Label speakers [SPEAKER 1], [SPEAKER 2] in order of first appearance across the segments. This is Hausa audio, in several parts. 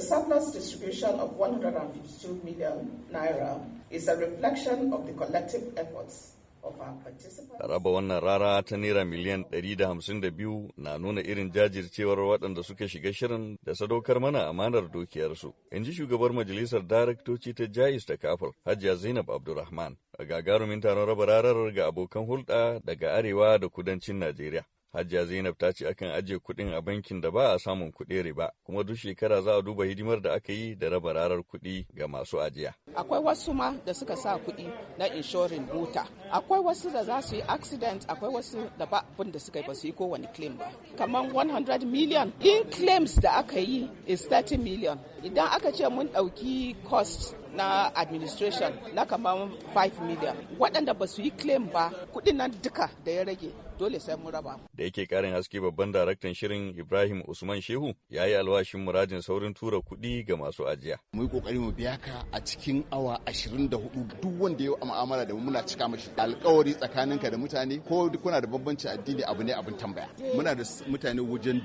[SPEAKER 1] The surplus distribution of 152 million naira is a reflection of the collective efforts Raba
[SPEAKER 2] wannan rara ta Naira miliyan 152 na nuna irin jajircewar waɗanda suka shiga shirin da sadaukar mana amanar dukiyarsu. In ji shugabar majalisar daraktoci ta Jais ta kafar Hajiya Zainab Abdulrahman a gagarumin taron raba rarar ga abokan hulɗa daga arewa da kudancin Najeriya. Hajiya Zainab ta ce akan ajiye kuɗin a bankin da ba a samun kuɗi riba kuma duk shekara za a duba hidimar da aka yi da raba rarar kuɗi ga masu ajiya.
[SPEAKER 1] Akwai wasu ma da suka sa kuɗi na inshorin mota. Akwai wasu da za su yi accident, akwai wasu da ba abin da suka yi ba su yi kowane claim ba. Kamar 100 million in claims da aka yi is 30 million. Idan aka ce mun ɗauki cost na administration na kamar 5 million waɗanda ba su yi claim ba kuɗin nan duka da ya rage dole sai mun raba.
[SPEAKER 2] Da yake karin haske babban daraktan shirin Ibrahim Usman Shehu ya yi alwashin muradin saurin tura kuɗi ga masu ajiya.
[SPEAKER 3] Mu yi kokari mu biya ka a cikin awa 24 duk wanda ya mu'amala da mu muna cika mashi tsakanin tsakaninka da mutane ko kuna da bambanci addini abu ne abin tambaya. Muna da mutane wajen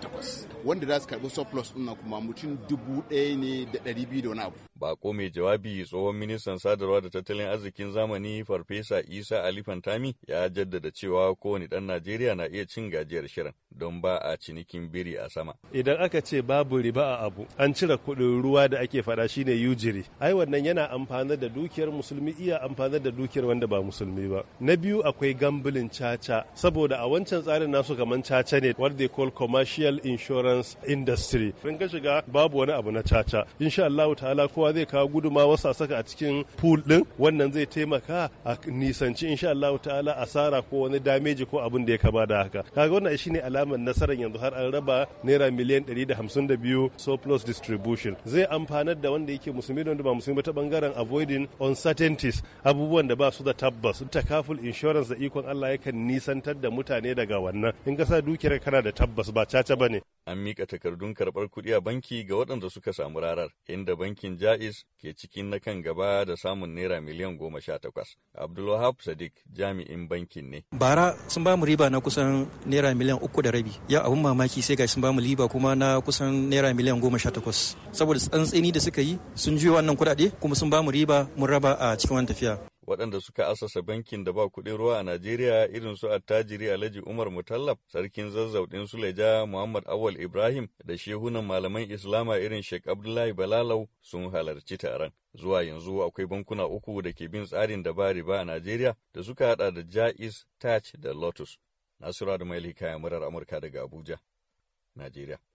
[SPEAKER 3] takwas wanda za su karɓi surplus ɗin kuma mutum 1,000 ne da 200 da wani abu.
[SPEAKER 2] Bako mai jawabi tsohon ministan sadarwa da tattalin arzikin zamani Farfesa Isa Alifan Fantami ya jaddada cewa kowane ɗan Najeriya na iya cin gajiyar shirin. don ba a cinikin biri a sama.
[SPEAKER 4] Idan aka ce babu riba a abu, an cire kuɗin ruwa da ake faɗa shine yujiri. Ai wannan yana amfani da dukiyar musulmi iya amfani da dukiyar wanda ba musulmi ba. Na biyu akwai gambulin caca, saboda a wancan tsarin nasu kaman caca ne what they call commercial insurance industry. In ka shiga babu wani abu na caca. Insha Allah ta'ala kowa zai kawo guduma wasu a saka a cikin pool ɗin, wannan zai taimaka a nisanci insha Allah ta'ala asara ko wani dameji ko abin da ya kama da haka. Kaga wannan ne ala. samun nasarar yanzu har an raba naira miliyan 152 surplus distribution zai amfanar da wanda yake musulmi da wanda ba musulmi ta bangaren avoiding uncertainties abubuwan da ba su da tabbas takaful insurance da ikon Allah yakan nisantar da mutane daga wannan in ka sa dukiyar kana da tabbas ba caca ba ne.
[SPEAKER 2] an mika takardun karɓar kuɗi a banki ga waɗanda suka samu rarar, inda bankin Ja'iz ke cikin na kan gaba da samun naira miliyan goma sha takwas. Abdulwahab Sadiq jami'in bankin ne.
[SPEAKER 1] Bara sun ba mu riba na kusan naira miliyan uku da rabi. Ya abun mamaki sai ga sun ba mu riba kuma na kusan naira miliyan goma sha takwas. Saboda tsantseni da suka yi sun juya wannan kuɗaɗe kuma sun ba mu riba mun raba a cikin wani tafiya.
[SPEAKER 2] waɗanda suka asasa bankin da ba kuɗin ruwa a Najeriya irin su attajiri Alhaji Umar Mutallab, sarkin zazzauɗin Suleja Muhammad Awal Ibrahim da shehunan malaman Islama irin Sheikh Abdullahi Balalau sun halarci taron. Zuwa yanzu akwai bankuna uku da ke bin tsarin da ba riba a Najeriya da suka haɗa da Jaiz, Taj da Lotus. Nasiru Adamu Elhika, murar Amurka daga Abuja, Najeriya.